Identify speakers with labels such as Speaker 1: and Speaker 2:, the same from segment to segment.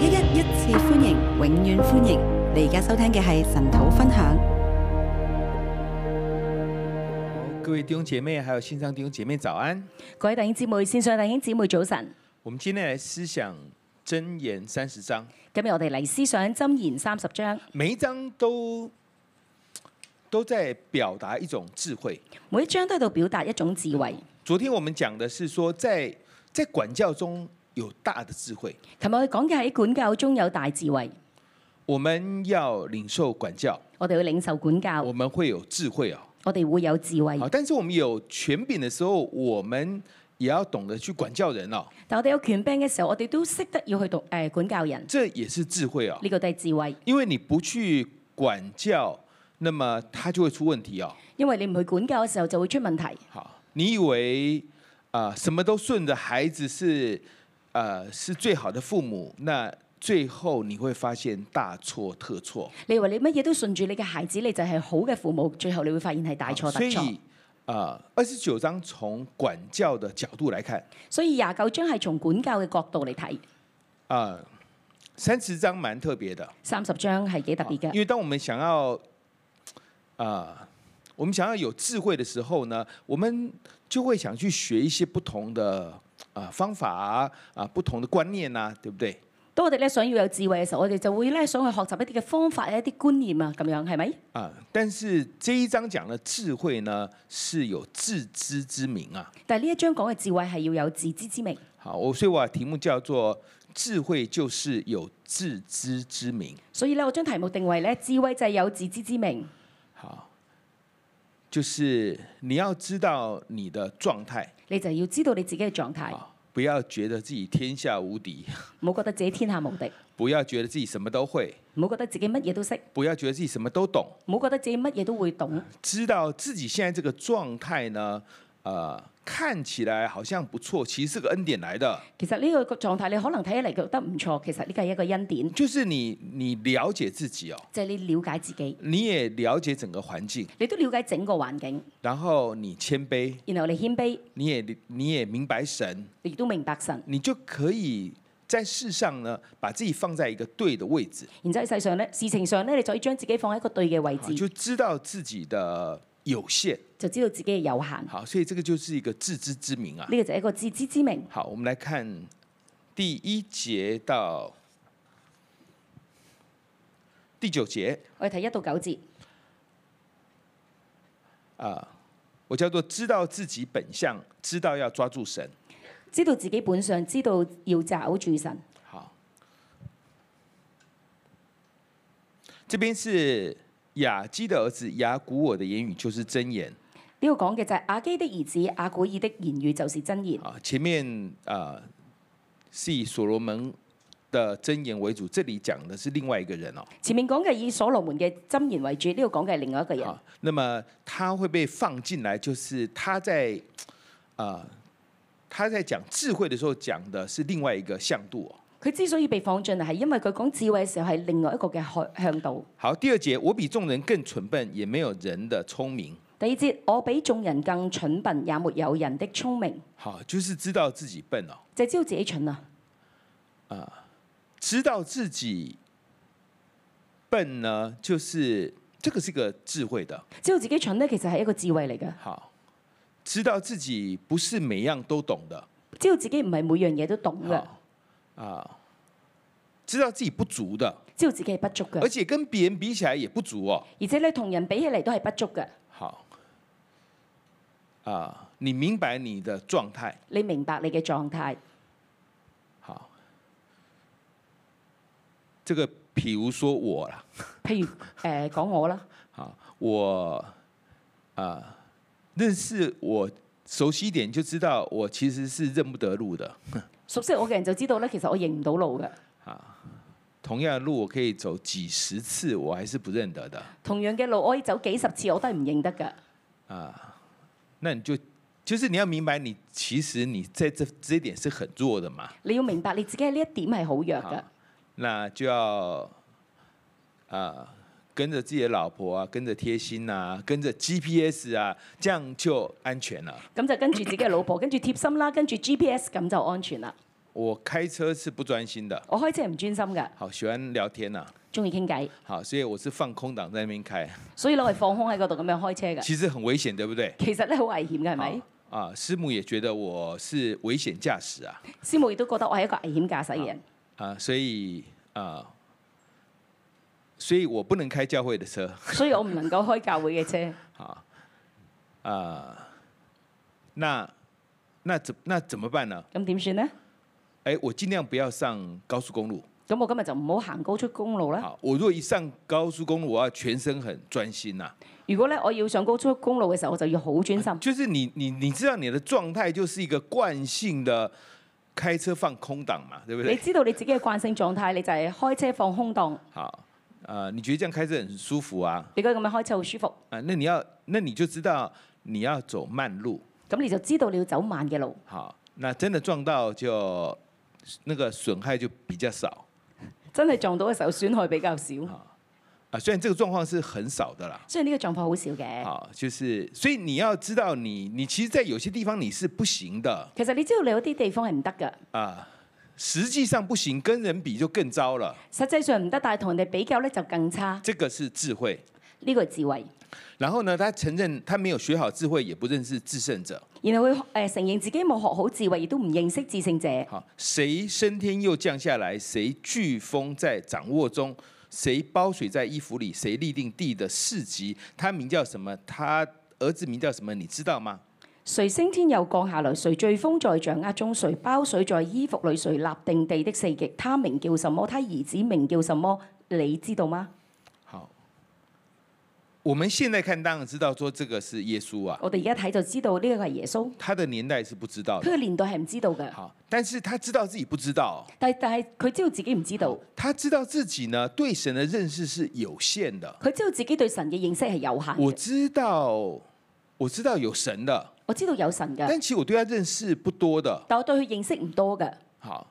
Speaker 1: 一一一次歡迎，永遠歡迎！你而家收聽嘅係晨禱
Speaker 2: 分享。各位弟兄姐妹，還有線上弟兄姐妹，早安！
Speaker 3: 各位弟兄姐妹，線上弟兄姐妹，早晨！
Speaker 2: 我們今日嚟思想箴言三十章。今日我
Speaker 3: 哋嚟思想箴言三十章，
Speaker 2: 每一章都都在表達一種智慧，每一章都喺度表達一種智慧。昨天我們講嘅是說，在在管教中。有大的智慧。琴日我哋講嘅喺管教中有大智慧。我們要領受管教。我哋要領受管教。我們會有智慧啊。我哋會有智慧。但是我們有權柄嘅時候，我們也要懂得去管教人咯。但我哋有權柄嘅時候，我哋都識得
Speaker 3: 要去讀誒管教人。這
Speaker 2: 也是智慧啊。呢
Speaker 3: 個都係智慧。
Speaker 2: 因為你不去管教，那麼他就會出問題啊。
Speaker 3: 因為你唔去管教嘅時候就會出問題。嚇！
Speaker 2: 你以為啊、呃，什麼都順着孩子是？啊、uh, 是最好的父母，那最後你會發現大錯特錯。
Speaker 3: 你話你乜嘢都順住你嘅孩子，你就係好嘅父母，最後你會發現係大錯特錯。Uh, 所以
Speaker 2: 二十九章從管教的角度來看，
Speaker 3: 所以廿九章係從管教嘅角度嚟睇。
Speaker 2: Uh, 三十章蠻特別的。
Speaker 3: 三十章係幾特別嘅，uh,
Speaker 2: 因為當我們想要、uh, 我們想要有智慧的時候呢，我們就會想去學一些不同的。啊，方法啊，啊，不同的觀念啊，對不對？
Speaker 3: 當我哋咧想要有智慧嘅時候，我哋就會咧想去學習一啲嘅方法，一啲觀念啊，咁樣係咪？
Speaker 2: 啊，但是這一章講嘅智慧呢，是有自知之明啊。
Speaker 3: 但係呢一章講嘅智慧係要有自知之明。
Speaker 2: 好，我所以話題目叫做智慧就是有自知之明。
Speaker 3: 所以咧，我將題目定為咧智慧就係有自知之明。
Speaker 2: 好。就是你要知道你的狀態，
Speaker 3: 你就要知道你自己嘅狀態，
Speaker 2: 不要覺得自己天下無敵，
Speaker 3: 唔好覺得自己天下無敵，
Speaker 2: 不要覺得自己什麼都會，唔好覺
Speaker 3: 得自己乜嘢都
Speaker 2: 識，不要覺得自己什麼都懂，唔好覺得自己乜嘢都會懂，懂 知道自己現在這個狀態呢？呃看起來好像不錯，其實是個恩典來的。
Speaker 3: 其實呢個狀態，你可能睇起嚟覺得唔錯，其實呢個係一個恩典。
Speaker 2: 就是你你了解自己哦。即
Speaker 3: 係你了解自己，
Speaker 2: 你也了解整個環境，你都了解
Speaker 3: 整個環境。
Speaker 2: 然後你謙卑，然後你謙卑，你也你也明白神，亦都明白神，你就可以在世上呢，把自己放在一個對的位置。
Speaker 3: 然之後喺世上呢，事情上呢，你就可以將自己放喺一個對
Speaker 2: 嘅位置，就知道自己的有限。就知道自己嘅有限。好，所以這個就是一個自知之明啊。呢、這個就係一個自知之明。好，我們來看第一節到第九節。
Speaker 3: 我哋睇一到九節。
Speaker 2: 啊、uh,，我叫做知道自己本相，知道要抓住神。
Speaker 3: 知道自己本相，知道要抓住神。
Speaker 2: 好，這邊是雅基的兒子亞古珥的言語，就是真言。
Speaker 3: 呢個講嘅就係阿基的兒子阿古爾的言語，就是真言。啊，
Speaker 2: 前面啊是以所羅門的真言為主，這裏講的是另外一個人哦。
Speaker 3: 前面講嘅以所羅門嘅真言
Speaker 2: 為主，呢個講嘅係另外一個人。啊，那麼他會被放進來，就是他在啊他在講智慧的時候講的是另外一個向度。
Speaker 3: 佢之所以被放進來，係因為佢講智慧嘅時候係另外一個嘅向向度。
Speaker 2: 好，第二節，我比眾人更蠢笨，也沒有人的聰明。
Speaker 3: 第二節，我比眾人更蠢笨，也沒有人的聰明。
Speaker 2: 好，就是知道自己笨咯、哦。就
Speaker 3: 是、知道自己蠢啊。
Speaker 2: 啊，知道自己笨呢，就是這個是一個智慧的。
Speaker 3: 知道自己蠢呢，其實係一個智慧嚟嘅。
Speaker 2: 好，知道自己不是每樣都懂的。
Speaker 3: 知道自己唔係每樣嘢都懂嘅。
Speaker 2: 啊，知道自己不足的。知道自己係不足嘅，而且跟別人比起來也不足哦。
Speaker 3: 而且呢，同人比起嚟都係不足嘅。
Speaker 2: 啊、uh, 你明白你的狀態。
Speaker 3: 你明白你嘅狀態。
Speaker 2: 好。這個譬如說我啦。
Speaker 3: 譬如誒、呃、講我啦。
Speaker 2: 好，我啊，uh, 認識我熟悉一點就知道，我其實是認不得路的。
Speaker 3: 熟悉我嘅人就知道咧，其實我認唔到
Speaker 2: 路嘅。啊、uh,，同樣嘅路我可以走幾十次，我還是不認得的。
Speaker 3: 同樣嘅路我可以走幾十次，我都係唔認得嘅。啊、
Speaker 2: uh,。那你就，就是你要明白，你其實你在這這，這一點是很弱的嘛。
Speaker 3: 你要明白你自己喺呢一點係好弱嘅，
Speaker 2: 那就要啊，呃，跟着自己的老婆啊，跟着貼心啊，跟着 GPS 啊，這樣就安全啦。
Speaker 3: 咁就跟住自己的老婆，跟住貼心啦，跟住 GPS，咁就安全啦。
Speaker 2: 我開車是不專心的，我開車係唔專心噶，好喜歡聊天啊，中意傾偈，好所以我是放空檔在那邊開，
Speaker 3: 所以攞嚟放空喺嗰度咁樣開車嘅，其實很
Speaker 2: 危險，對不對？其實咧好危險嘅係咪？啊，師母也覺得我是危險駕駛啊，
Speaker 3: 師母亦都覺得我係一個危險駕駛員
Speaker 2: 啊，所以啊，所以我不能開教會的車，
Speaker 3: 所以我唔能夠開教會嘅車，
Speaker 2: 好，啊，那那怎那怎麼辦呢？咁點算呢？我盡量不要上高速公路。咁我今日就唔好行高速公路啦。我如果一上高速公路，我要全身很專心啦、啊。如果呢，我要上高速公路嘅時候，我就要好專心、啊。就是你你你知道你的狀態就是一個慣性的開車放空檔嘛，對不對？你知道你自
Speaker 3: 己嘅慣性狀態，你就係開車放空檔、
Speaker 2: 呃。你覺得這樣開車很舒服啊？
Speaker 3: 你覺得咁樣開車好舒服、嗯？
Speaker 2: 啊，那你要，那你就知道你要走慢路。咁你
Speaker 3: 就知道你要走慢嘅路。
Speaker 2: 好，那真的撞到就。那個損害就比較少，
Speaker 3: 真係撞到嘅時候損害比較少。
Speaker 2: 啊，雖然這個狀況是很少的啦，
Speaker 3: 雖然呢個狀況好少嘅。啊，
Speaker 2: 就是所以你要知道你，你你其實，在有些地方你是不行的。
Speaker 3: 其實你知道你有啲地方係唔得噶。
Speaker 2: 啊，實際上不行，跟人比就更糟了。
Speaker 3: 實際上唔得，但係同人哋比較咧就更差。
Speaker 2: 這個是智慧，
Speaker 3: 呢個智慧。
Speaker 2: 然後呢，他承認他沒有學好智慧，也不認識至聖者。
Speaker 3: 然後佢誒承認自己冇學好智慧，亦都唔認識至聖者。好，
Speaker 2: 誰升天又降下來？誰聚風在掌握中？誰包水在衣服裏？誰立定地的四極？他名叫什麼？他兒子名叫什麼？你知道嗎？
Speaker 3: 誰升天又降下來？誰聚風在掌握中？誰包水在衣服裏？誰立定地的四極？他名叫什麼？他兒子名叫什麼？你知道嗎？
Speaker 2: 我們現在看當然知道說這個是耶穌啊。我哋而
Speaker 3: 家睇就知道呢一個係耶穌。
Speaker 2: 他的年代是不知道的。佢
Speaker 3: 年代係唔知道嘅。好，
Speaker 2: 但是他知道自己不知道。
Speaker 3: 但係但係佢
Speaker 2: 知道自己唔知道。他知道自己呢對神的認識是有限的。
Speaker 3: 佢知道自己對神嘅認識係有限。我
Speaker 2: 知道我知道有神的。我
Speaker 3: 知道有神嘅。但
Speaker 2: 其實我對他認識不多的。
Speaker 3: 但我對佢認識唔多嘅。
Speaker 2: 好，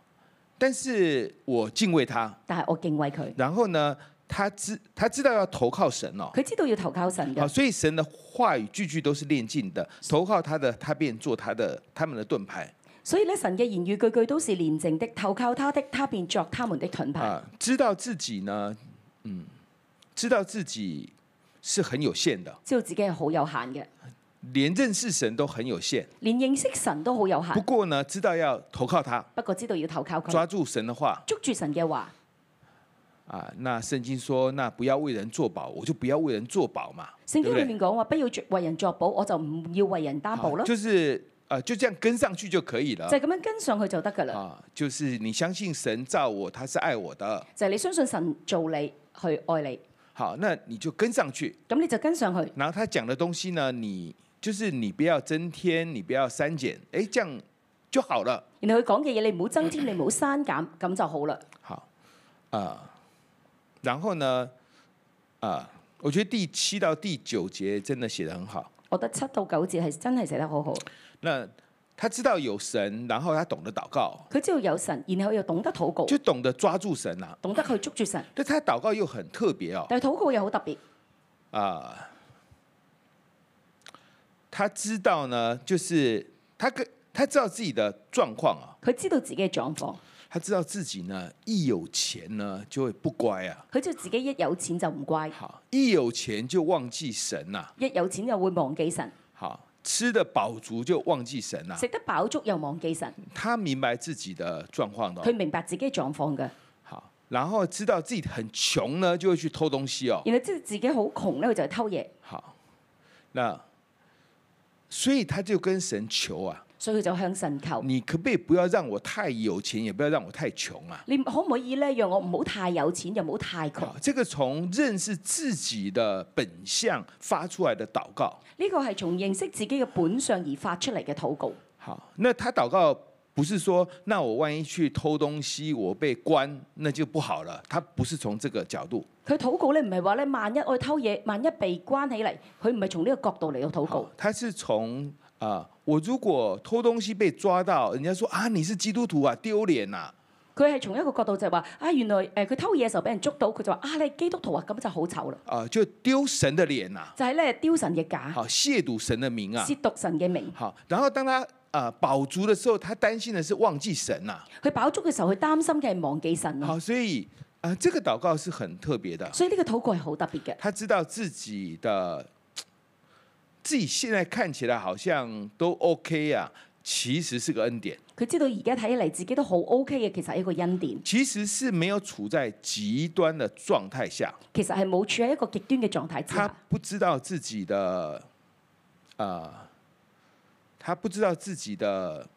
Speaker 2: 但是我敬畏他。但係我敬畏佢。然後呢，他知他知道要投靠神哦，佢知道要投靠神嘅，所以神的話語句句都是煉淨的。投靠他的，他便做他的他們的盾牌。
Speaker 3: 所以咧，神嘅言語句句都是煉淨的。投靠他的，他便
Speaker 2: 作他們的盾牌。啊、知道自己呢、嗯，知道自己是很有限的，
Speaker 3: 知道自己係好有限嘅，
Speaker 2: 連認識神都很有限，
Speaker 3: 連認識神都好有限。不
Speaker 2: 過呢，知道要投靠他，
Speaker 3: 不過知道要投靠佢，抓
Speaker 2: 住神的話，
Speaker 3: 捉住神嘅話。
Speaker 2: 啊，那聖經說，那不要，不，要說對不，對說不要為人作保，我就不要為人作保嘛。聖經裏面
Speaker 3: 講話不要為人作保，我就唔要為人擔保咯。就是
Speaker 2: 啊、呃，就這樣跟上去就可以了。就咁、
Speaker 3: 是、樣跟上去就得噶啦。啊，
Speaker 2: 就是你相信神造我，他是愛我的。
Speaker 3: 就係、是、你相信神造你去愛你。
Speaker 2: 好，那你就跟上去。咁你就跟上去。然後他講的東西呢，你就是你不要增添，你不要刪減，誒，這樣就好了。
Speaker 3: 然後佢講嘅嘢，你唔好增添，你唔好刪減，咁就好啦。
Speaker 2: 好，啊、呃。然後呢？啊，我覺得第七到第九節真的寫得很好。
Speaker 3: 我覺得七到九節係真係寫得好好。
Speaker 2: 那他知道有神，然後他懂得禱告。佢知道有
Speaker 3: 神，然後又懂得禱告。
Speaker 2: 就懂得抓住神啦，啊，懂得去捉住神。但，他禱告又很特別哦。
Speaker 3: 但係禱告又好特別。
Speaker 2: 啊，他知道呢，就是他跟他知道自己的狀況啊。佢知道自己嘅狀況。他知道自己呢，一有錢呢就會不乖啊！佢就自己一有錢就唔乖，好，一有錢就忘記神啊。
Speaker 3: 一有錢就會忘記神，
Speaker 2: 好，吃得飽足就忘記神啊。食
Speaker 3: 得飽足又忘記神。
Speaker 2: 他明白自己的狀況咯。佢明
Speaker 3: 白自己狀況
Speaker 2: 㗎，好，然後知道自己很窮呢，就會去偷東西哦。原來
Speaker 3: 知道自己好窮呢，佢就去偷嘢，
Speaker 2: 好，那所以他就跟神求啊。所以佢就向神求。你可唔可以不要讓我太有錢，也不要讓我太窮啊？
Speaker 3: 你可唔可以呢？讓我唔好太有錢又太，又唔好太窮。
Speaker 2: 這個從認識自己的本相發出來的禱告。
Speaker 3: 呢、這個係從認識自己嘅本相而發出嚟嘅禱
Speaker 2: 告。好，那他禱告不是說，那我萬一去偷東西，我被關，那就不好了。他不是從這個角度。
Speaker 3: 佢禱告呢，唔係話呢，萬一我偷嘢，萬一被關起嚟，佢唔係從呢個角度嚟到禱告。
Speaker 2: 他是從。啊、呃。我如果偷東西被抓到，人家說啊，你是基督徒啊，丟臉啦、啊。
Speaker 3: 佢係從一個角度就係話啊，原來誒，佢偷嘢嘅時候俾人捉到，佢就話啊，你是基督徒啊，咁就好醜啦。
Speaker 2: 啊、呃，就丟神嘅臉啊，就係、是、咧丟神嘅架。好褻瀆神嘅名啊！褻瀆神嘅名。好，然後當他啊、呃、飽足的時候，他擔心的是忘記神啊。佢飽足嘅時候，佢擔心嘅係忘記神、啊。好，所以啊、呃，這個禱告是很特別的。所以呢個禱告係好特別嘅。他知道自己的。自己現在看起來好像都 OK 啊，其實是個恩典。
Speaker 3: 佢知道而家睇嚟自己都好 OK 嘅，其實係一個恩典。
Speaker 2: 其實是沒有處在極端的狀態下。其實係冇處喺一個極端嘅狀態之下。他不知道自己的，啊、呃，他不知道自己的。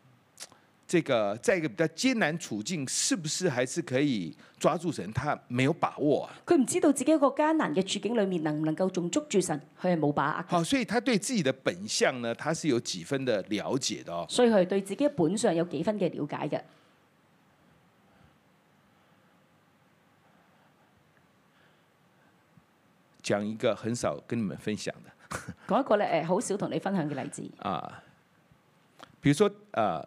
Speaker 2: 這個在一個比較艱難處境，是不是還是可以抓住神？他沒有把握、啊。
Speaker 3: 佢唔知道自己一個艱難嘅處境裏面能唔能夠仲捉住神，佢係冇把握。
Speaker 2: 好、啊，所以他對自己的本相呢，他是有幾分的了解的哦。
Speaker 3: 所以佢對自己嘅本相有幾分嘅了解嘅。
Speaker 2: 講一個很少跟你們分享
Speaker 3: 嘅， 講一個咧，誒，好少同你分享嘅例子。
Speaker 2: 啊，比如說啊。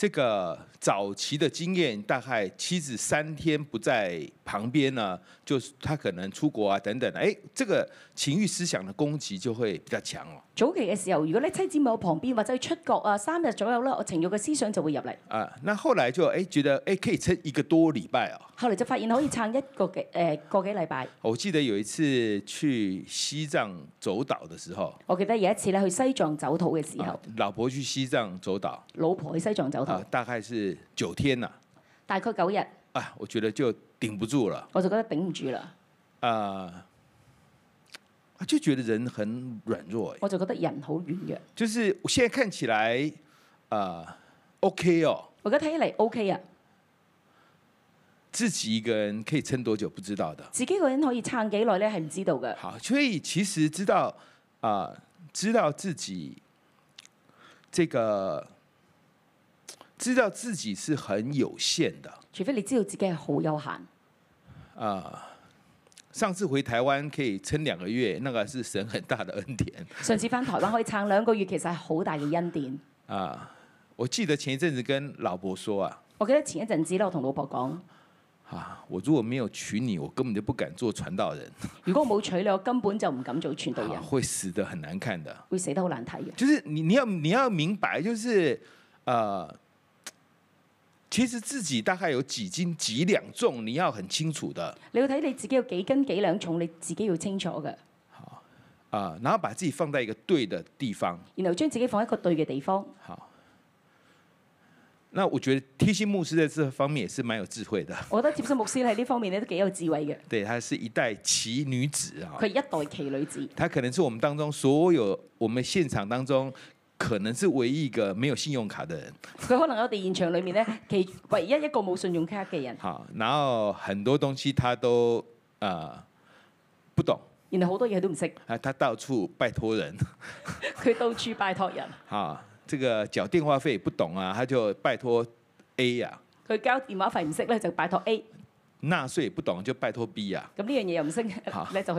Speaker 2: 這個早期的經驗，大概妻子三天不在旁邊呢、啊，就是他可能出國啊等等，哎，這個情欲思想的攻擊就會比較強哦、啊。
Speaker 3: 早期嘅時候，如果你妻子冇旁邊或者出國啊，三日左右呢我情慾嘅思想就會入嚟。
Speaker 2: 啊，那後來就哎覺得哎可以撐一個多禮拜啊。
Speaker 3: 後來就發現可以撐一， 一,一個幾誒個幾禮拜。
Speaker 2: 我記得有一次去西藏走島的時候，
Speaker 3: 我記得有一次咧去西藏走島嘅時候、啊，
Speaker 2: 老婆去西藏走島，
Speaker 3: 老婆去西藏走。啊、uh,，
Speaker 2: 大概是九天啦，
Speaker 3: 大概九日。
Speaker 2: 啊，我覺得就頂不住了，
Speaker 3: 我就覺得頂唔住
Speaker 2: 了。啊、uh,，就覺得人很軟弱，我就覺
Speaker 3: 得人好軟
Speaker 2: 弱。就是，我現在看起來、uh,，okay 哦，而家睇起嚟 OK 啊，自己一個人可以撐多久，不知道的。
Speaker 3: 自己一個人可以撐幾耐呢？係唔知道嘅。
Speaker 2: 好，所以其實知道啊，uh, 知道自己這個。知道自己是很有限的，除非你知道自己係好有限。啊！上次回台灣可以撐兩個月，那個是神很大的恩典。
Speaker 3: 上次返台灣可以撐兩個月，其實係好大嘅恩典。
Speaker 2: 啊！我記得前一陣子跟老婆說啊，
Speaker 3: 我記得前一陣子咧，我同老婆講
Speaker 2: 啊，啊，我如果沒有娶你，我根本就不敢做傳道人。
Speaker 3: 如果我冇娶你，我根本就唔敢做傳道人，
Speaker 2: 啊、會死得很難看的，
Speaker 3: 會死得好難睇。
Speaker 2: 就是你你要你要明白，就是啊。其實自己大概有幾斤幾兩重，你要很清楚的。
Speaker 3: 你要睇你自己有幾斤幾兩重，你自己要清楚嘅。好啊，
Speaker 2: 呃，然後把自己放在一個對的地方。
Speaker 3: 然後將自己放喺一個對嘅地方。
Speaker 2: 好。那我覺得貼心牧師在這方面也是蠻有智慧的。
Speaker 3: 我覺得貼心牧師喺呢方面咧都幾有智慧嘅。
Speaker 2: 對，她是一代奇女子啊。佢一代奇女子。她可能是我們當中所有我們現場當中。可能是唯一一個沒有信用卡的
Speaker 3: 人。佢可能喺我哋現場裏面咧，其唯一一個冇信用卡嘅人。嚇，
Speaker 2: 然後很多東西他都啊、呃、不懂。
Speaker 3: 原來好多嘢都唔識。
Speaker 2: 啊，他到處拜託人。
Speaker 3: 佢到處拜託人。
Speaker 2: 嚇，這個繳電話費不懂啊，他就拜託 A 啊。
Speaker 3: 佢交電話費唔識咧，就拜託 A。
Speaker 2: 納稅不懂就拜託 B 啊。
Speaker 3: 咁呢樣嘢又唔識，你就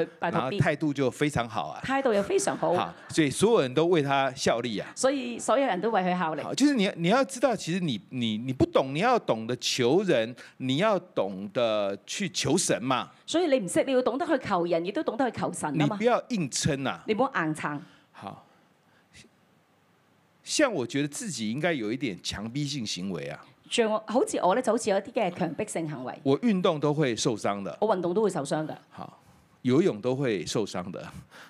Speaker 3: 去拜託 B。態
Speaker 2: 度就非常好啊。
Speaker 3: 態度又非常好。好，
Speaker 2: 所以所有人都為他效力啊。
Speaker 3: 所以所有人都為佢效力。
Speaker 2: 就是你你要知道，其實你你你不懂，你要懂得求人，你要懂得去求神嘛。
Speaker 3: 所以你唔識，你要懂得去求人，亦都懂得去求神。你不
Speaker 2: 要硬撐啦。
Speaker 3: 你唔好硬撐。
Speaker 2: 好，像我覺得自己應該有一點強逼性行為啊。
Speaker 3: 好，好像我好似，我咧，就好似有一啲嘅強迫性行為。
Speaker 2: 我運動都會受傷的。
Speaker 3: 我運動都會受傷嘅。
Speaker 2: 好，游泳都會受傷的。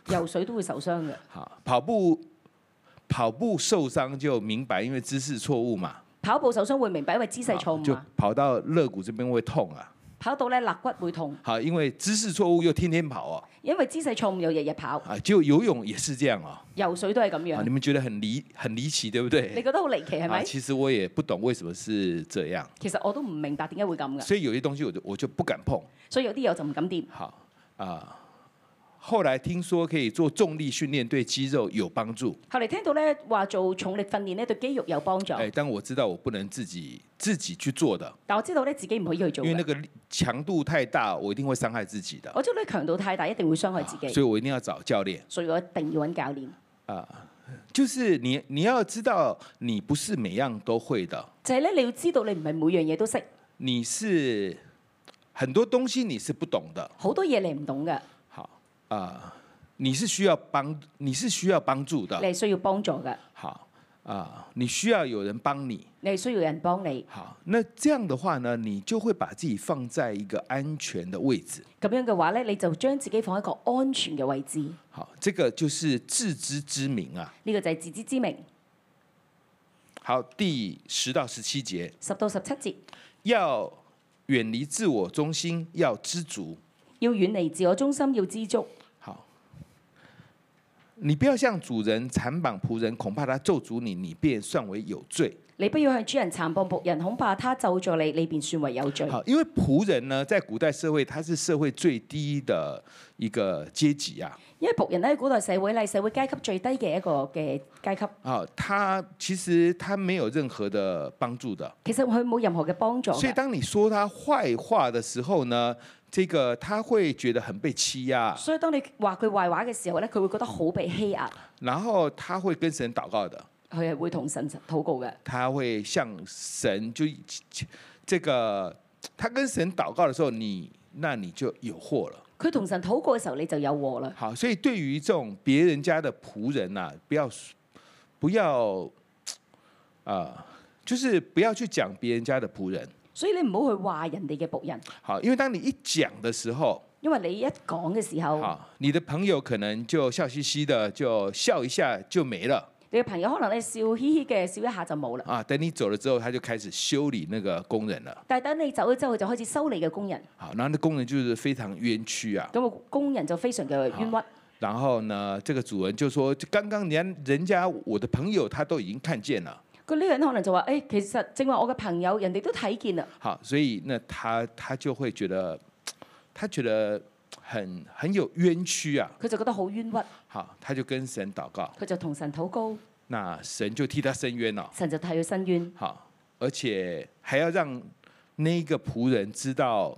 Speaker 3: 游水都會受傷嘅。
Speaker 2: 好，跑步，跑步受傷就明白，因為姿勢錯誤嘛。
Speaker 3: 跑步受傷會明白，因為姿勢錯誤。就
Speaker 2: 跑到肋骨呢邊會痛啊。
Speaker 3: 跑到咧肋骨會痛，
Speaker 2: 嚇！因為姿勢錯誤又天天跑啊，
Speaker 3: 因為姿勢錯誤又日日跑，啊！
Speaker 2: 就游泳也是這樣啊。
Speaker 3: 游水都係咁樣，啊。你
Speaker 2: 們覺得很離很離奇，對唔對？你
Speaker 3: 覺得好離奇係咪，啊？其
Speaker 2: 實我也不懂為什麼是這樣。
Speaker 3: 其實我都唔明白點解會咁嘅，所以
Speaker 2: 有啲東西我就我就不敢碰，
Speaker 3: 所以有啲嘢我就唔敢掂。好
Speaker 2: 啊。後來聽說可以做重力訓練，對肌肉有幫助。
Speaker 3: 後嚟聽到呢話做重力訓練呢對肌肉有幫助。
Speaker 2: 但我知道我不能自己自己去做的。
Speaker 3: 但我知道呢，自己唔可以去做的。因為那個
Speaker 2: 強度太大，我一定會傷害自己的。
Speaker 3: 我知道呢強度太大，一定會傷害自己。啊，所以
Speaker 2: 我一定要找教練。
Speaker 3: 所以我一定要揾教練。啊，
Speaker 2: 就是你你要知道你不是每樣都會的。
Speaker 3: 就係呢，你要知道你唔係每樣嘢都識。
Speaker 2: 你是很多東西你是不懂的。
Speaker 3: 好多嘢你唔懂嘅。
Speaker 2: 啊、uh，你是需要幫，你是需要幫助的。你需
Speaker 3: 要幫助嘅。
Speaker 2: 好啊，你需要有人幫你。你需要有人幫你。好，那這樣的話呢，你就會把自己放在一個安全的位置。咁樣嘅話呢，你就將自己放喺一個安全嘅位置。好，這個就是自知之明啊。
Speaker 3: 呢個就係自知之明。
Speaker 2: 好，第十到十七節。
Speaker 3: 十到十七節，
Speaker 2: 要遠離自我中心，要知足。
Speaker 3: 要遠離自我中心，要知足。
Speaker 2: 你不要向主人讒謗僕人，恐怕他咒詛你，你便算為有罪。
Speaker 3: 你不要向主人讒謗僕人，恐怕他咒咗你，你便算為有罪。好，
Speaker 2: 因為僕人呢，在古代社會他是社會最低的一個階級啊。因
Speaker 3: 為僕人呢，古代社會係社會階級最低嘅一個嘅階級。
Speaker 2: 啊，他其實他沒有任何的幫助的。其實佢冇任何嘅幫助。所以當你說他壞話的時候呢，這個他會覺得很被欺壓，所
Speaker 3: 以當你話佢壞話嘅時候呢，佢會覺得好被欺壓。嗯。
Speaker 2: 然後他會跟神禱告的，
Speaker 3: 佢係會同神禱告嘅。
Speaker 2: 他會向神就這個，他跟神禱告的時候，你那你就有禍了。
Speaker 3: 佢同神禱告嘅時候，你就有禍了。
Speaker 2: 好，所以對於這種別人家的僕人啊，不要不要啊，呃，就是不要去講別人家的僕人。
Speaker 3: 所以你唔好去話人哋嘅僕人。
Speaker 2: 好，因為當你一講嘅時候。因為你一講嘅時候。好，你的朋友可能就笑嘻嘻的就笑一下就冇啦。
Speaker 3: 你嘅朋友可能你笑嘻嘻嘅笑一下就冇啦。
Speaker 2: 啊，等你走了之後，他就開始修理那個工人啦。
Speaker 3: 但係等你走咗之後，佢就開始修理嘅工人。
Speaker 2: 好，然後那工人就是非常冤屈啊。
Speaker 3: 咁個工人就非常嘅冤屈。
Speaker 2: 然後呢，這個主人就說：就剛剛人人家我的朋友他都已經看見啦。
Speaker 3: 呢、這個人可能就話：誒、哎，其實正話我嘅朋友，人哋都睇見啦。
Speaker 2: 好，所以那他他就會覺得，他覺得很很有冤屈啊。佢
Speaker 3: 就覺得好冤屈。
Speaker 2: 好，他就跟神禱告，佢就
Speaker 3: 同神禱告。
Speaker 2: 那神就替他伸冤咯、哦。神就替佢伸冤。好，而且還要讓呢個僕人知道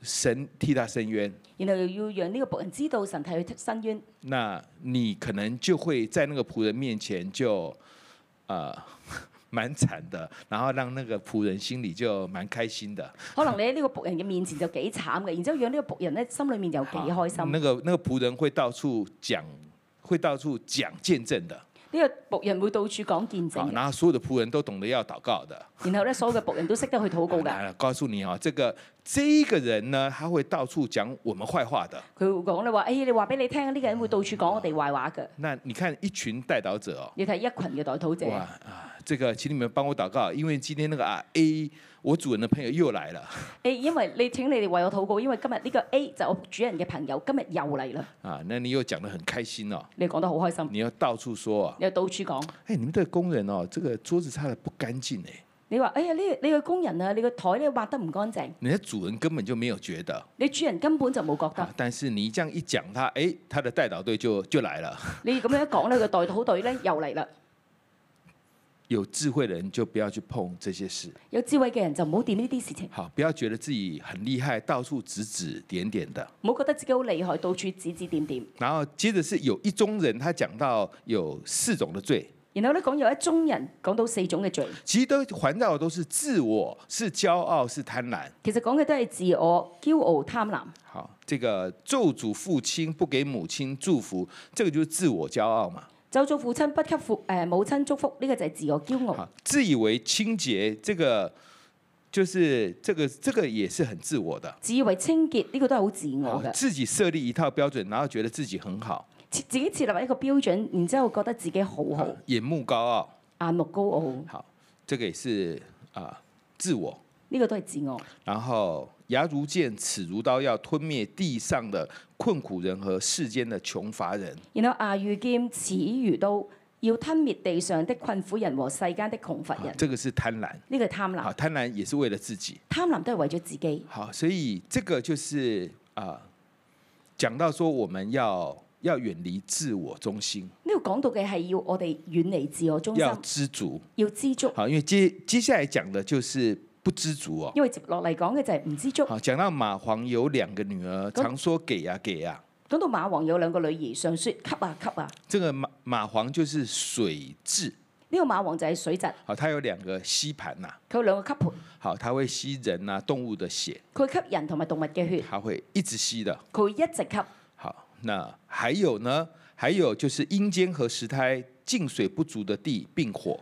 Speaker 2: 神替他伸冤。
Speaker 3: 然後又要讓呢個僕人知道神替佢伸冤。
Speaker 2: 那你可能就會在那個僕人面前就。啊、呃，蠻慘的，然後讓那個僕人心裏就蠻開心的。
Speaker 3: 可能你喺呢個僕人嘅面前就幾慘嘅，然之後讓呢個僕人咧心裏面又幾開心。那
Speaker 2: 個那個僕人會到處講，會到處講見證的。
Speaker 3: 呢、這個僕人會到處講見證。
Speaker 2: 然後所有的僕人都懂得要禱告的。然後咧，所有嘅僕人都識得去禱告嘅。我嚟告訴你啊，這個，這個人呢，他會到處講我們壞話的。
Speaker 3: 佢會講你話，哎，你話俾你聽，呢個人會到處講我哋壞話嘅。
Speaker 2: 那你看一群帶導者哦。
Speaker 3: 你睇一群嘅代禱者。哇啊，
Speaker 2: 這個請你們幫我禱告，因為今天那個啊 A。我主人的朋友又嚟啦！
Speaker 3: 誒，因為你請你哋為我禱告，因為今日呢個 A 就我主人嘅朋友，今日又嚟啦！
Speaker 2: 啊，那你又講得很開心哦！你講得好開心！你要到處說啊！你又到處講。誒、哎，你們啲工人哦，這個桌子擦得不乾淨咧。
Speaker 3: 你話，哎呀，呢個呢個工人啊，你個台咧畫得唔乾淨。
Speaker 2: 你的主人根本就沒有覺得。
Speaker 3: 你主人根本就冇覺得。
Speaker 2: 但是你這樣一講，他，哎，他的帶導隊就就來了。
Speaker 3: 你咁樣一講咧，那個帶導隊咧 又嚟啦。
Speaker 2: 有智慧的人就不要去碰這些事。有智慧嘅人就唔好掂呢啲事情。好，不要覺得自己很厲害，到處指指點點的。
Speaker 3: 唔好覺得自己好厲害，到處指指點點。
Speaker 2: 然後接着是有一宗人，他講到有四種的罪。
Speaker 3: 然後呢講有一宗人講到四種嘅罪，
Speaker 2: 其實都環繞嘅都是自我，是驕傲，是貪婪。
Speaker 3: 其實講嘅都係自
Speaker 2: 我、驕傲、貪婪。好，這個咒詛父親不給母親祝福，這個就是自我驕傲嘛。
Speaker 3: 做做父親不給父誒母親祝福，呢、這個就係自我驕傲。
Speaker 2: 自以為清潔，這個就是這個這個也是很自我的。
Speaker 3: 自以為清潔呢、這個都係好自我、哦、自
Speaker 2: 己設立一套標準，然後覺得自己很好。
Speaker 3: 設自己設立一個標準，然之後覺得自己好好，好。
Speaker 2: 眼目高傲，眼目高傲。好，這個也是啊、呃，自我。呢、這個都係自我。然後。牙如劍，齒如刀，要吞滅地上的困苦人和世間的窮乏人。
Speaker 3: 然後牙如劍，齒如刀，要吞滅地上的困苦人和世間的窮
Speaker 2: 乏人。這個是貪婪，
Speaker 3: 呢個貪婪。好，
Speaker 2: 貪婪也是為了自己。貪
Speaker 3: 婪都係為咗自己。
Speaker 2: 好，所以這個就是啊，講到說我們要要遠離自我中心。
Speaker 3: 呢個講到嘅係要我哋遠離自我中心，要
Speaker 2: 知足，要知足。好，因為接接下來講的，就是。不知足啊、哦，因為
Speaker 3: 接落嚟講嘅就係唔知足。好，
Speaker 2: 講到螞蟥有兩個女兒，常說給呀給呀。
Speaker 3: 講到螞蟥有兩個女兒，常說吸啊吸啊。
Speaker 2: 這個螞螞蟥就是水蛭，
Speaker 3: 呢、這個螞蟥就係水蛭。
Speaker 2: 好，它有兩個吸盤啊，佢有兩個吸盤。好，它會吸人啊動物的血，佢吸人同埋動物嘅血。它會一直吸的，佢一直吸。好，那還有呢？還有就是陰間和石胎，進水不足的地，並火。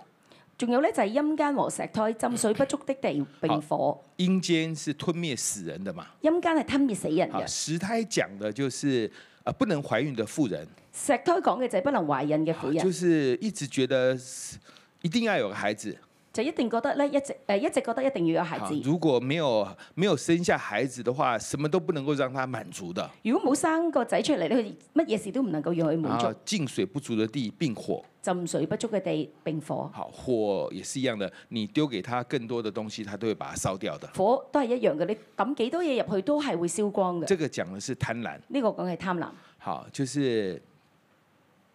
Speaker 3: 仲有咧就係，陰間和石胎、浸水不足的地、並火。
Speaker 2: 陰間是吞滅死人的嘛？
Speaker 3: 陰間係吞滅死人，就是呃、人。
Speaker 2: 石胎講的就是不能懷孕嘅婦人。
Speaker 3: 石胎講嘅就係不能懷孕嘅婦人。就是
Speaker 2: 一直覺得一定要有個孩子。
Speaker 3: 就一定覺得咧，一直誒、呃、一直覺得一定要有孩子。
Speaker 2: 如果沒有沒有生下孩子的話，什麼都不能夠讓他滿足的。
Speaker 3: 如果冇生個仔出嚟咧，乜嘢事都唔能夠讓佢滿足。
Speaker 2: 浸、啊、水不足的地並火，
Speaker 3: 浸水不足嘅地並火。
Speaker 2: 好，火也是一樣的，你丟給他更多的東西，他都會把它燒掉的。
Speaker 3: 火都係一樣嘅，你抌幾多嘢入去都係會燒光嘅。這
Speaker 2: 個講嘅是貪婪，呢、這個講係貪婪。好，就是。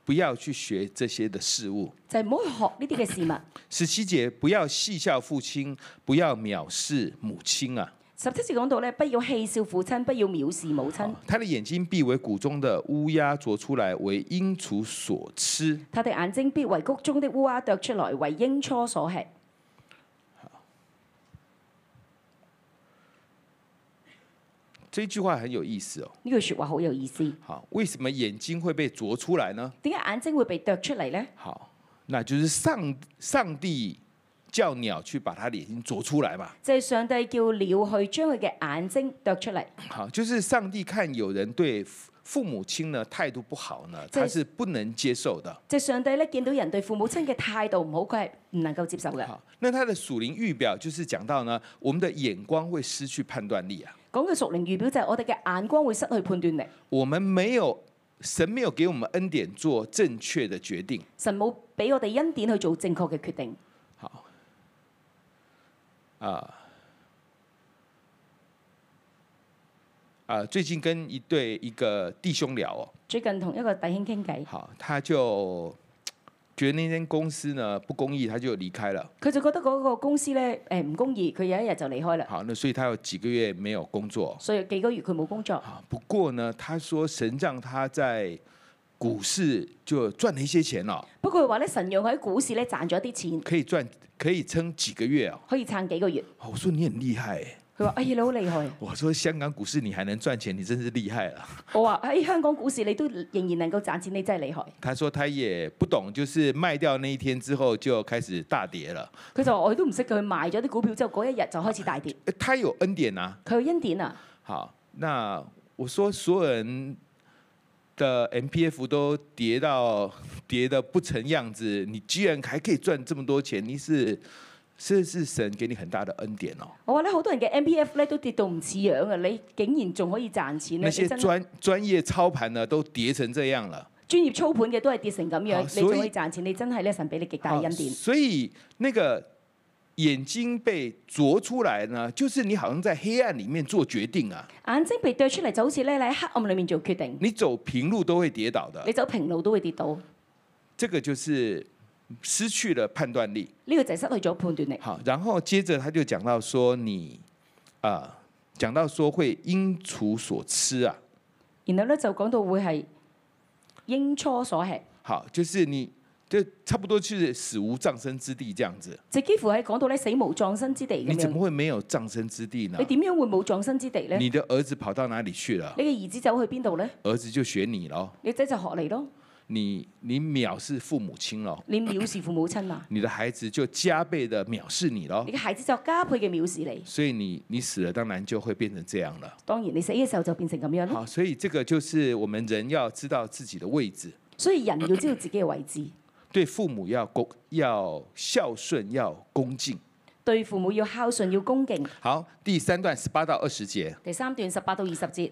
Speaker 2: 不要去學這些的事物，就係唔好去學呢啲嘅事物。十七節，不要嬉笑父親，不要藐視母親啊！
Speaker 3: 十七節講到咧，不要戲笑父親，不要藐視母親。
Speaker 2: 他的眼睛必為谷中的烏鴉啄出來，為鷹雛所吃。
Speaker 3: 他的眼睛必為谷中的烏鴉啄出來，為鷹雛所吃。
Speaker 2: 這一句話很有意思哦，呢句説話好有意思。好，為什麼眼睛會被啄出來呢？
Speaker 3: 點解眼睛會被啄出嚟呢？
Speaker 2: 好，那就是上上帝叫鳥去把他的眼睛啄出來嘛。
Speaker 3: 就係、是、上帝叫鳥去將佢嘅眼睛啄出嚟。
Speaker 2: 好，就是上帝看有人對父母親呢態度不好呢、就是，他是不能接受的。
Speaker 3: 即係上帝呢，見到人對父母親嘅態度唔好，佢係唔能夠接受嘅。
Speaker 2: 好，那他的屬靈預表就是講到呢，我們的眼光會失去判斷力啊。
Speaker 3: 講句屬靈預表就係我哋嘅眼光會失去判斷力。
Speaker 2: 我們沒有，神沒有給我們恩典做正確嘅決定。
Speaker 3: 神冇俾我哋恩典去做正確嘅決定。
Speaker 2: 好。啊啊，最近跟一對一個弟兄聊哦。
Speaker 3: 最近同一個弟兄傾偈。
Speaker 2: 好，他就，間呢他他覺得那間公司呢不公義，他就離開了。
Speaker 3: 佢就覺得嗰個公司呢，誒唔公義，佢有一日就離開了。好，
Speaker 2: 那所以他有幾個月沒有工作。
Speaker 3: 所以幾個月佢冇工作。啊，不
Speaker 2: 過呢，他說神讓他在股市就賺、哦、了一些錢咯。
Speaker 3: 不過話咧，神讓喺股市咧賺咗啲錢，
Speaker 2: 可以賺，可以撐幾個月啊、哦，
Speaker 3: 可以撐幾個月。哦，
Speaker 2: 我說你很厲害。佢
Speaker 3: 話：哎呀，你好厲害！
Speaker 2: 我話香港股市你還能賺錢，你真是厲害啦！
Speaker 3: 我話：哎，香港股市你都仍然能夠賺錢，你真係厲害！
Speaker 2: 佢話：他也不懂，就是賣掉那一天之後，就開始大跌了。
Speaker 3: 佢就話：我都唔識佢賣咗啲股票之後，嗰一日就開始大跌。他
Speaker 2: 有恩典啊！佢有恩典啊！好，那我話：所有人的 MPF 都跌到跌得不成樣子，你居然還可以賺這麼多錢，你是？是是神給你很大的恩典咯、哦。
Speaker 3: 我話咧，好多人嘅 M P F 咧都跌到唔似樣啊！你竟然仲可以賺錢咧，那些專
Speaker 2: 專業操盤呢都跌成這樣了。
Speaker 3: 專業操盤嘅都係跌成咁樣，你仲可以賺錢，你真係咧神俾你極大恩典。
Speaker 2: 所以那個眼睛被啄出來呢，就是你好像在黑暗裏面做決定啊。
Speaker 3: 眼睛被啄出嚟就好似咧你喺黑暗裏面做決定。
Speaker 2: 你走平路都會跌倒的。你
Speaker 3: 走平路都會跌倒。
Speaker 2: 這個就是。失去了判斷力，
Speaker 3: 呢、這個就係失去咗判斷力。
Speaker 2: 好，然後接着他就講到說你啊、呃，講到說會鷹雛所吃啊，
Speaker 3: 然後咧就講到會係鷹雛所吃。
Speaker 2: 好，就是你就差不多就是死無葬身之地這樣子，
Speaker 3: 即幾乎係講到咧死無葬身之地。你怎
Speaker 2: 麼會沒有葬身之地呢？你
Speaker 3: 點樣會冇葬身之地咧？你
Speaker 2: 的兒子跑到哪裡去了？你
Speaker 3: 嘅兒子走去邊度咧？
Speaker 2: 兒子就,姥姥就學你咯，
Speaker 3: 你仔就學你咯。
Speaker 2: 你你藐視父母親咯，你藐視父母親嘛，你的孩子就加倍的藐視你咯，你的
Speaker 3: 孩子就加倍嘅藐視你，
Speaker 2: 所以你你死了當然就會變成這樣啦，
Speaker 3: 當然你死嘅時候就變成咁樣咯，好，
Speaker 2: 所以這個就是我們人要知道自己的位置，所
Speaker 3: 以人要知道自己嘅位置
Speaker 2: 咯咯，對父母要恭要孝順要恭敬，對父母要孝順要恭敬。好，第三段十八到二十節，
Speaker 3: 第三段十八到二十節。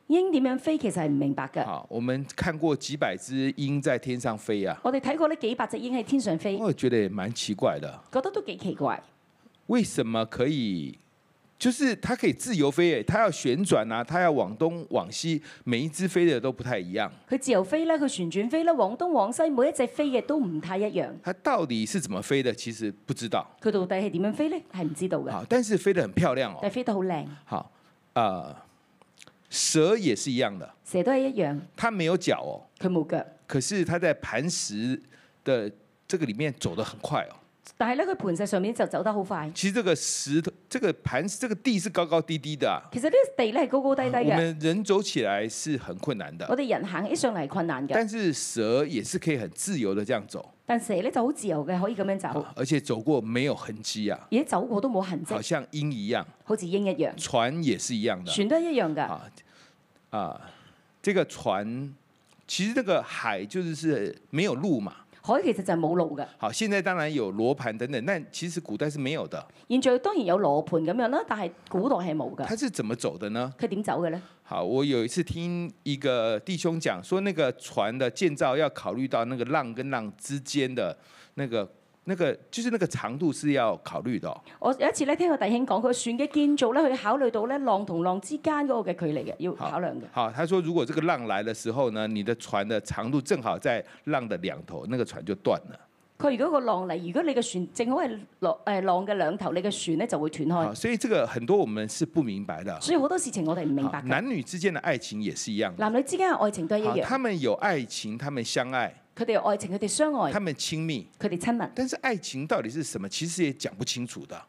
Speaker 3: 鷹點樣飛其實係唔
Speaker 2: 明白㗎。啊，我們看過幾百隻鷹在天上飛啊。
Speaker 3: 我哋睇過呢幾百隻鷹喺天
Speaker 2: 上飛。我覺得也蠻奇怪的。覺得都幾奇怪。為什麼可以？就是它可以自由飛嘅，它要旋轉啊，它要往東往西，每一隻飛的都不太一樣。
Speaker 3: 佢自由飛咧、啊，佢旋轉飛咧、啊，往東往西，每一隻飛嘅都唔太一樣。
Speaker 2: 它到底是怎麼飛的？其實不知道。
Speaker 3: 佢到底係點樣飛咧？係唔知道嘅。好，
Speaker 2: 但是飛得很漂亮哦。但
Speaker 3: 係飛得好靚。
Speaker 2: 好，啊、呃。蛇也是一樣的，
Speaker 3: 蛇都係一樣，
Speaker 2: 它沒有腳哦，佢冇腳，可是它在磐石的這個裏面走得很快哦。
Speaker 3: 但係呢佢磐石上面就走得好快。
Speaker 2: 其實這個石頭，這個磐，這個地是高高低低的、
Speaker 3: 啊。其實呢個地呢係高高低低嘅、啊。我們
Speaker 2: 人走起來是很困難的，我哋
Speaker 3: 人行一上嚟困難嘅。但是
Speaker 2: 蛇也是可以很自由的這樣走，
Speaker 3: 但是蛇呢就好自由嘅，可以咁樣走、啊，
Speaker 2: 而且走過沒有痕迹啊，而且走過都冇痕迹，好像鷹一樣，好似鷹一樣。船也是一樣的，船都係一樣噶。啊啊，uh，這個船，其實這個海就是是沒有路嘛。海其實就係冇路嘅。好，現在當然有羅盤等等，但其實古代是沒有的。現在當然有羅盤咁樣
Speaker 3: 啦，但係古代係冇嘅。它是
Speaker 2: 怎麼走的呢？
Speaker 3: 佢點走嘅呢？
Speaker 2: 好，我有一次聽一個弟兄講，說那個船的建造要考慮到那個浪跟浪之間的那個。那個就是那個長度是要考慮到。
Speaker 3: 我有一次呢，聽過弟兄講，佢船嘅建造呢，佢考慮到呢浪同浪之間嗰個嘅距離嘅，要考量嘅。
Speaker 2: 好，他說如果這個浪來的時候呢，你的船的長度正好在浪的兩頭，那個船就斷了。
Speaker 3: 佢如果個浪嚟，如果你嘅船正好係浪誒浪嘅兩頭，你嘅船呢就會斷開。
Speaker 2: 所以這個很多我們是不明白的。所以
Speaker 3: 好多事情我哋唔明白。男
Speaker 2: 女之間的愛情也是一樣。
Speaker 3: 男女之間嘅愛情都一樣。好，他
Speaker 2: 們有愛情，他們相愛。佢哋愛情，佢哋相愛，佢哋親密，佢哋親密。但是愛情到底係什麼？其實也講不清楚的。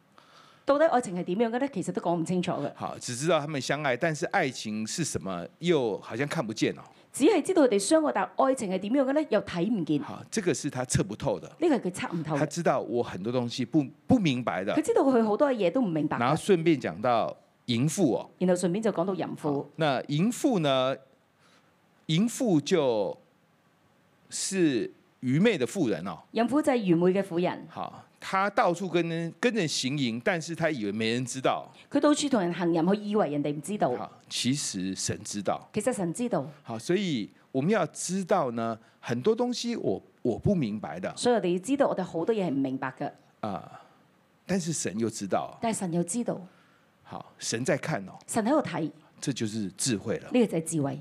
Speaker 2: 到底愛情係點樣嘅咧？其實都講唔清楚嘅。好，只知道他們相愛，但是愛情係什麼又好像看唔見哦。只係知道佢哋相愛，但係愛情係點樣嘅咧？又睇唔見。好，這個是佢測不透的。
Speaker 3: 呢個係佢測唔透。他
Speaker 2: 知道我很多東西不不明白的。佢知
Speaker 3: 道佢好多嘢都唔明白。然
Speaker 2: 後順便講到淫婦哦。
Speaker 3: 然後順便就講到淫婦。
Speaker 2: 那淫婦呢？淫婦就。是愚昧的婦人哦，
Speaker 3: 淫婦就係愚昧嘅婦人。
Speaker 2: 好，他到處跟人跟人行淫，但是他以為沒人知道。
Speaker 3: 佢到處同人行淫，佢以為人哋唔知道。好，
Speaker 2: 其實神知道。其實神知道。好，所以我們要知道呢，很多東西我我不明白的。
Speaker 3: 所以我哋要知道，我哋好多嘢係唔明白嘅。
Speaker 2: 啊，但是神又知道。但
Speaker 3: 係神又知道。
Speaker 2: 好，神在看哦。神喺度睇。這就是智慧啦。呢個
Speaker 3: 就係智慧。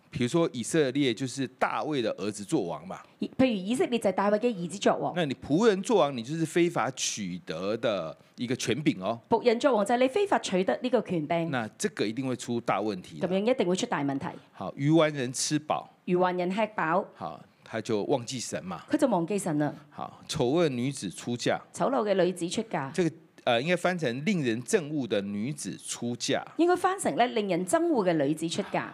Speaker 2: 譬如說以色列就是大衛的兒子作王嘛，
Speaker 3: 譬如以色列就係大衛嘅兒子作王。
Speaker 2: 那你僕人作王，你就是非法取得的一個權柄哦。
Speaker 3: 僕人作王就係你非法取得呢個權柄。
Speaker 2: 嗱，這個一定會出大問題。
Speaker 3: 咁樣一定會出大問題。
Speaker 2: 好，愚頑人吃飽，
Speaker 3: 愚頑人吃飽，
Speaker 2: 好，他就忘記神嘛，
Speaker 3: 佢就忘記神啦。
Speaker 2: 好，醜惡女子出嫁，醜
Speaker 3: 陋嘅女子出嫁，這
Speaker 2: 個誒應該翻成令人憎惡的女子出嫁，
Speaker 3: 應該翻成咧令人憎惡嘅女子出嫁。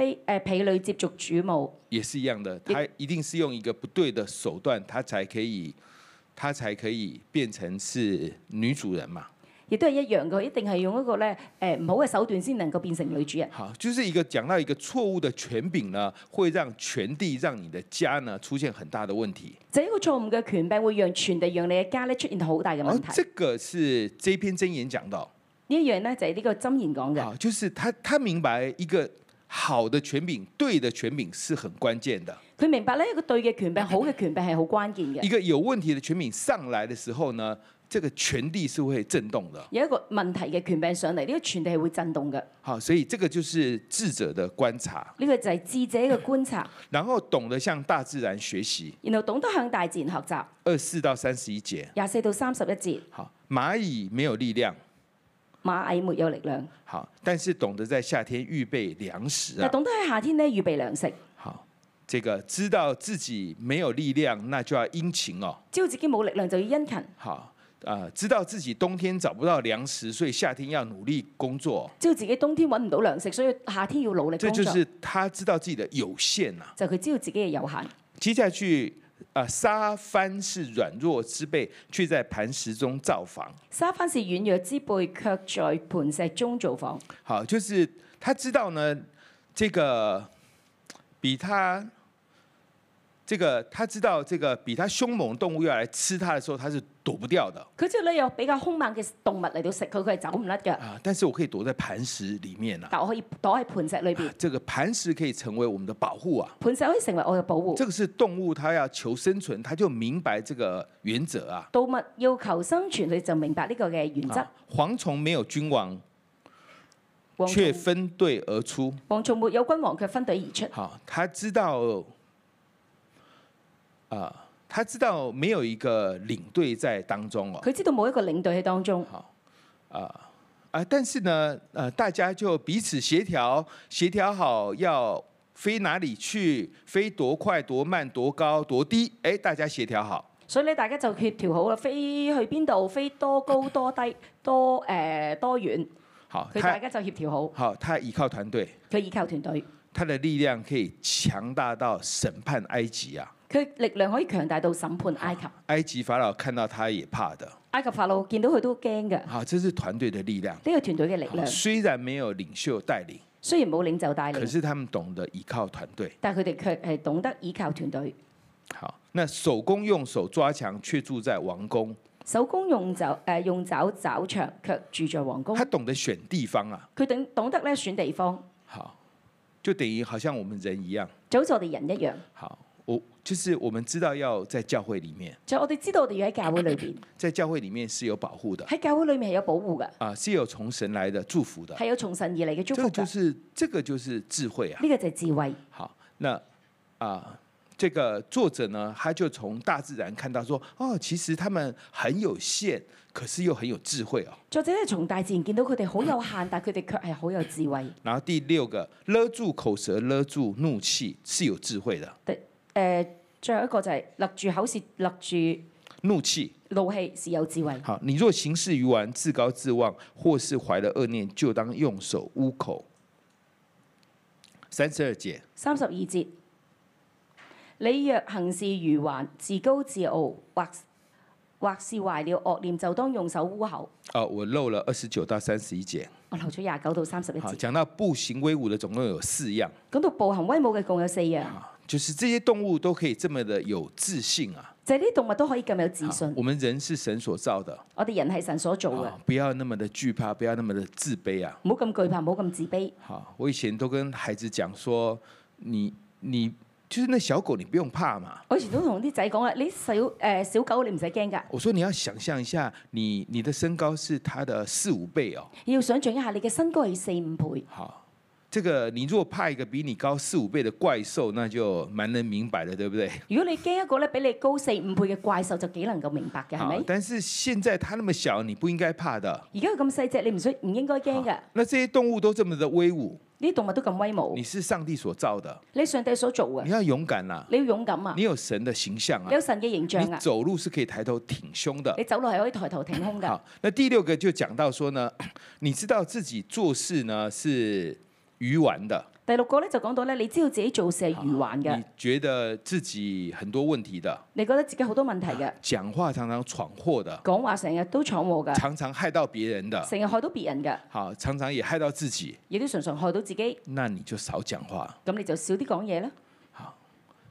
Speaker 3: 被誒婢、呃、女接續主母，
Speaker 2: 也是一樣的，他一定是用一個不對的手段，他才可以，他才可以變成是女主人嘛。
Speaker 3: 亦都係一樣嘅，一定係用一、那個咧誒唔好嘅手段先能夠變成女主
Speaker 2: 人。好，就是一個講到一個錯誤嘅權柄呢，會讓全地讓你嘅家呢出現很大的問題。
Speaker 3: 就係、是、一個錯誤嘅權柄，會讓全地讓你嘅家咧出現好大嘅問題，哦。這
Speaker 2: 個是這篇箴言講到
Speaker 3: 呢一樣呢就係、是、呢個箴言講嘅。啊、哦，
Speaker 2: 就是他他明白一個。好的權柄，對的權柄是很關鍵的。
Speaker 3: 佢明白呢，個對嘅權柄，好嘅權柄係好關鍵嘅。一個
Speaker 2: 有問題嘅權柄上來嘅時候呢，這個權力是會震動嘅。
Speaker 3: 有一個問題嘅權柄上嚟，呢個權力係會震動嘅。
Speaker 2: 好，所以呢個就是智者的觀察。
Speaker 3: 呢個就係智者嘅觀察。
Speaker 2: 然後懂得向大自然學習。
Speaker 3: 然後懂得向大自然學習。
Speaker 2: 二四到三十一節。
Speaker 3: 廿四到三十一節。好，
Speaker 2: 螞蟻沒有力量。
Speaker 3: 螞蟻沒有力量，
Speaker 2: 好，但是懂得在夏天預備糧食啊！懂
Speaker 3: 得喺夏天呢預備糧食，好，
Speaker 2: 這個知道自己沒有力量，那就要殷勤哦。
Speaker 3: 知道自己冇力量就要殷勤，
Speaker 2: 好，啊、呃，知道自己冬天找不到糧食，所以夏天要努力工作。
Speaker 3: 知道自己冬天搵唔到糧食，所以夏天要努力工作。這就是
Speaker 2: 他知道自己的有限啦、
Speaker 3: 啊，就佢知道自己嘅有限。
Speaker 2: 接下去。啊！沙番是軟弱之輩，卻在磐石中造房。
Speaker 3: 沙番是軟弱之輩，卻在磐石中造房。
Speaker 2: 好，就是他知道呢，這個比他。這個他知道，這個比他凶猛動物要來吃他的時候，他是躲不掉的。佢即係咧有
Speaker 3: 比較凶猛嘅動物嚟到食佢，佢係走唔甩嘅。啊！
Speaker 2: 但是我可以躲在磐石裏面啦、啊。但我可以躲喺磐石裏邊。這個磐石可以成為我們的保護啊。磐石可以成為我嘅保護。這個是動物，它要求生存，它就明白這個原則啊。
Speaker 3: 動物要求生存，佢就明白呢個嘅原則、
Speaker 2: 啊啊。蝗蟲沒有君王，
Speaker 3: 卻
Speaker 2: 分隊而出。
Speaker 3: 蝗蟲沒有君王，卻分隊而出。
Speaker 2: 好、啊，他知道。啊、uh, 哦！他知道沒有一個領隊在當中哦。佢
Speaker 3: 知道冇一個領隊喺當中。啊
Speaker 2: 啊！但是呢、呃，大家就彼此協調，協調好要飛哪裏去，飛多快、多慢、多高、多低，誒，大家協調好。
Speaker 3: 所以呢，大家就協調好啦，飛去邊度，飛多高、多低、多誒、呃、多遠。
Speaker 2: 吓、uh, 大家就協調好、uh, 好。他依靠團隊。依靠團隊。他的力量可以強大到審判埃及啊！
Speaker 3: 佢力量可以強大到審判埃及。
Speaker 2: 埃及法老看到他也怕的。
Speaker 3: 埃及法老見到佢都驚嘅。
Speaker 2: 好，這是團隊的力量。呢
Speaker 3: 個團隊嘅力量。
Speaker 2: 雖然沒有領袖帶領，
Speaker 3: 雖然冇領，領，領袖帶領，可是
Speaker 2: 他們懂得依靠團隊。
Speaker 3: 但佢哋卻係懂得依靠團隊。
Speaker 2: 好，那守宮用手抓牆，卻住在王宮。
Speaker 3: 守宮用爪誒、呃、用爪抓牆，卻住在王
Speaker 2: 宮。他懂得選地方啊。
Speaker 3: 佢懂懂得咧選地方。
Speaker 2: 好，就等於好像我們人一樣。就好似我哋人一樣。好。我就是我們知道要在教會裏面，就我哋知道我哋要喺教會裏邊，在教會裏面是有保護的，喺教會裏
Speaker 3: 面係有保護的
Speaker 2: 啊，是有從神來的祝福的，係有
Speaker 3: 從神而嚟嘅祝福的。噶、這個，就是
Speaker 2: 這個就是智慧啊，呢、這個就係智慧。好，那啊、呃，這個作者呢，他就從大自然看到說，哦，其實他們很有限，可是又很有智慧哦、啊。
Speaker 3: 作者呢，從大自然見到佢哋好有限，但係佢哋卻係好有智慧。
Speaker 2: 然後第六個，勒住口舌，勒住怒氣，是有智慧的。
Speaker 3: 對。誒，最後一個就係、是、勒住口舌，勒住怒氣，怒氣是有智慧。
Speaker 2: 好，你若行事愚頑，自高自傲，或是懷了惡念，就當用手捂口。三十二節，
Speaker 3: 三十二節。你若行事愚頑，自高自傲，或或是懷了惡念，就當用手捂口。啊、
Speaker 2: 哦，我漏了二十九到三十一節。
Speaker 3: 我漏咗廿九到三十一節。好，
Speaker 2: 講到步行威武的總共有四樣。
Speaker 3: 講到步行威武嘅共有四樣。
Speaker 2: 就是這些動物都可以這麼的有自信啊！
Speaker 3: 就啲動物都可以咁有自信。
Speaker 2: 我們人是神所造的，
Speaker 3: 我哋人係神所做嘅。
Speaker 2: 不要那麼的懼怕，不要那麼的自卑啊！
Speaker 3: 唔好咁懼怕，唔好咁自卑。
Speaker 2: 好，我以前都跟孩子講說，你你就是那小狗，你不用怕嘛。
Speaker 3: 我以前都同啲仔講啊，你小誒小狗你唔使驚噶。
Speaker 2: 我說你要想象一下，你你的身高是他的四五倍哦。你
Speaker 3: 要想象一下，你嘅身高係四五倍。
Speaker 2: 好。這個你如果怕一個比你高四五倍的怪獸，那就蠻能明白的，對不對？
Speaker 3: 如果你驚一個咧比你高四五倍嘅怪獸，就幾能夠明白嘅，係咪？
Speaker 2: 但是現在他那麼小，你不應該怕的。而
Speaker 3: 家佢咁細隻，你唔需唔應該驚嘅。
Speaker 2: 那這些動物都這麼的威武，呢啲動物都咁威武。你是上帝所造的，你上帝所做嘅。你要勇敢啦，
Speaker 3: 你要勇敢啊，你
Speaker 2: 有神的形象啊，你有神嘅形象。你走路是可以抬頭挺胸的，你
Speaker 3: 走路係可以抬頭挺胸嘅。好，
Speaker 2: 那第六個就講到說呢，你知道自己做事呢是。魚玩的
Speaker 3: 第六個咧就講到咧，你知道自己做事係魚玩嘅，你
Speaker 2: 覺得自己很多問題的，
Speaker 3: 你覺得自己好多問題嘅，
Speaker 2: 講話常常闖禍的，
Speaker 3: 講話成日都闖禍
Speaker 2: 嘅，常常害到別人的，成日
Speaker 3: 害到別人嘅，
Speaker 2: 好，常常也害到自己，
Speaker 3: 亦都常常害到自己，
Speaker 2: 那你就少講話，
Speaker 3: 咁你就少啲講嘢啦。好，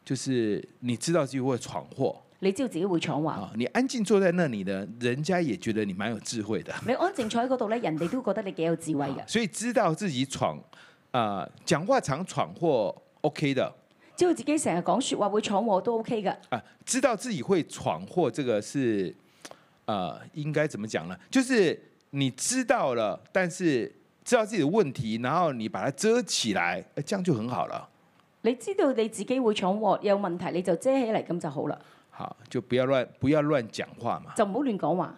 Speaker 2: 就是你知道自己會闖禍，你知道自己會闖話，你安靜坐在那裡呢，人家也覺得你蠻有智慧的，
Speaker 3: 你安靜坐喺嗰度咧，人哋 都覺得你幾有智慧嘅，
Speaker 2: 所以知道自己闖。啊、呃，講話常闖禍，OK 的。
Speaker 3: 知道自己成日講說話會闖禍都 OK 嘅。啊，
Speaker 2: 知道自己會闖禍，這個是，啊、呃，應該怎麼講呢？就是你知道了，但是知道自己的問題，然後你把它遮起來，誒，這樣就很好啦。
Speaker 3: 你知道你自己會闖禍有問題，你就遮起嚟咁就好啦。
Speaker 2: 好，就不要亂不要亂講話嘛。
Speaker 3: 就唔好亂講話。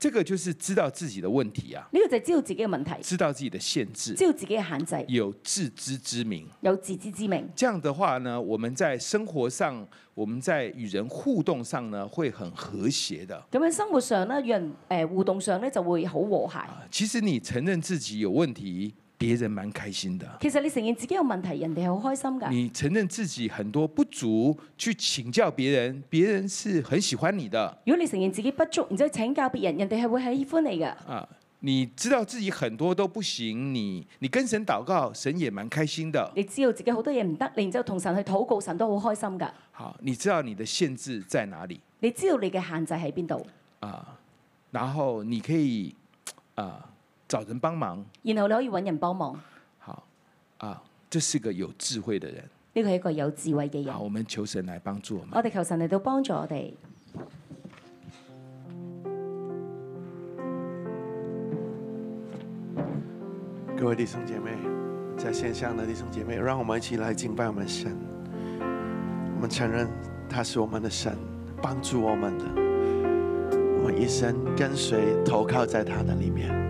Speaker 2: 這個就是知道自己的問題啊！呢個
Speaker 3: 就係知道自己嘅問題，知
Speaker 2: 道自己的限制，知道
Speaker 3: 自己嘅限制，
Speaker 2: 有自知之明，有自知之明。這樣嘅話呢，我們在生活上，我們在與人互動上呢，會很和諧的。
Speaker 3: 咁喺生活上呢，與人誒互動上呢，就會好和諧。
Speaker 2: 其實你承認自己有問題。別人蠻開心的。其
Speaker 3: 實你承認自己有問題，人哋係好開心噶。你
Speaker 2: 承認自己很多不足，去請教別人，別人是很喜歡你的。
Speaker 3: 如果你承認自己不足，然之後請教別人，人哋係會喜歡你噶。
Speaker 2: 啊，你知道自己很多都不行，你你跟神禱告，神也蠻開心的。
Speaker 3: 你知道自己好多嘢唔得，然之後同神去禱告，神都好開心噶。
Speaker 2: 好，你知道你的限制在哪裏？
Speaker 3: 你知道你嘅限制喺邊度？
Speaker 2: 啊，然後你可以啊。找人幫忙，
Speaker 3: 然後你可以揾人幫忙。
Speaker 2: 好，啊，這是個有智慧的人。
Speaker 3: 呢個係一個有智慧嘅人。好，
Speaker 2: 我們求神來幫助我們。
Speaker 3: 我哋求神嚟到幫助我哋。
Speaker 4: 各位弟兄姐妹，在線上的弟兄姐妹，讓我們一起來敬拜我們神。我們承認他是我們的神，幫助我們的，我們一生跟隨投靠在他的裏面。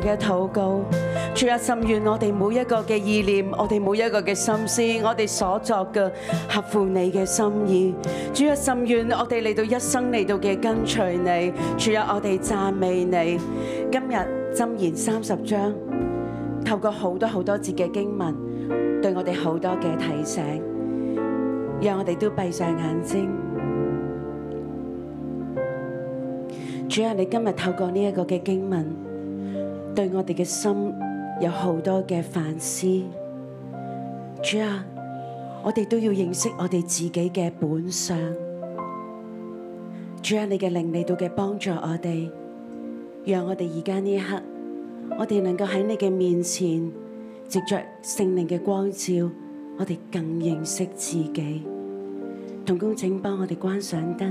Speaker 5: 嘅禱告，主啊，甚願我哋每一個嘅意念，我哋每一個嘅心思，我哋所作嘅合乎你嘅心意。主啊，甚願我哋嚟到一生嚟到嘅跟隨你，主啊，我哋讚美你。今日箴言三十章，透過好多好多節嘅經文，對我哋好多嘅提醒，讓我哋都閉上眼睛。主啊，你今日透過呢一個嘅經文。對我哋嘅心有好多嘅反思，主啊，我哋都要認識我哋自己嘅本相，主啊。主啊，你嘅靈力到嘅幫助我哋，讓我哋而家呢一刻，我哋能夠喺你嘅面前，藉着聖靈嘅光照，我哋更認識自己。同工，請幫我哋關上燈。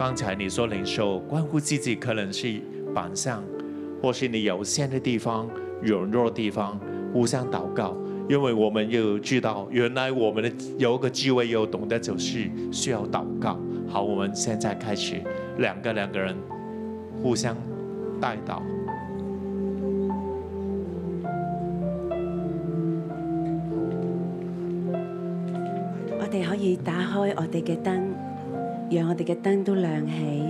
Speaker 6: 剛才你說靈修關乎自己，可能是榜樣，或是你有限的地方、軟弱的地方，互相禱告。因為我們又知道，原來我們的有個機會，又懂得就是需要禱告。好，我們現在開始，兩個兩個人互相代禱。我
Speaker 5: 哋可以打開我哋嘅燈。讓我哋嘅燈都亮起。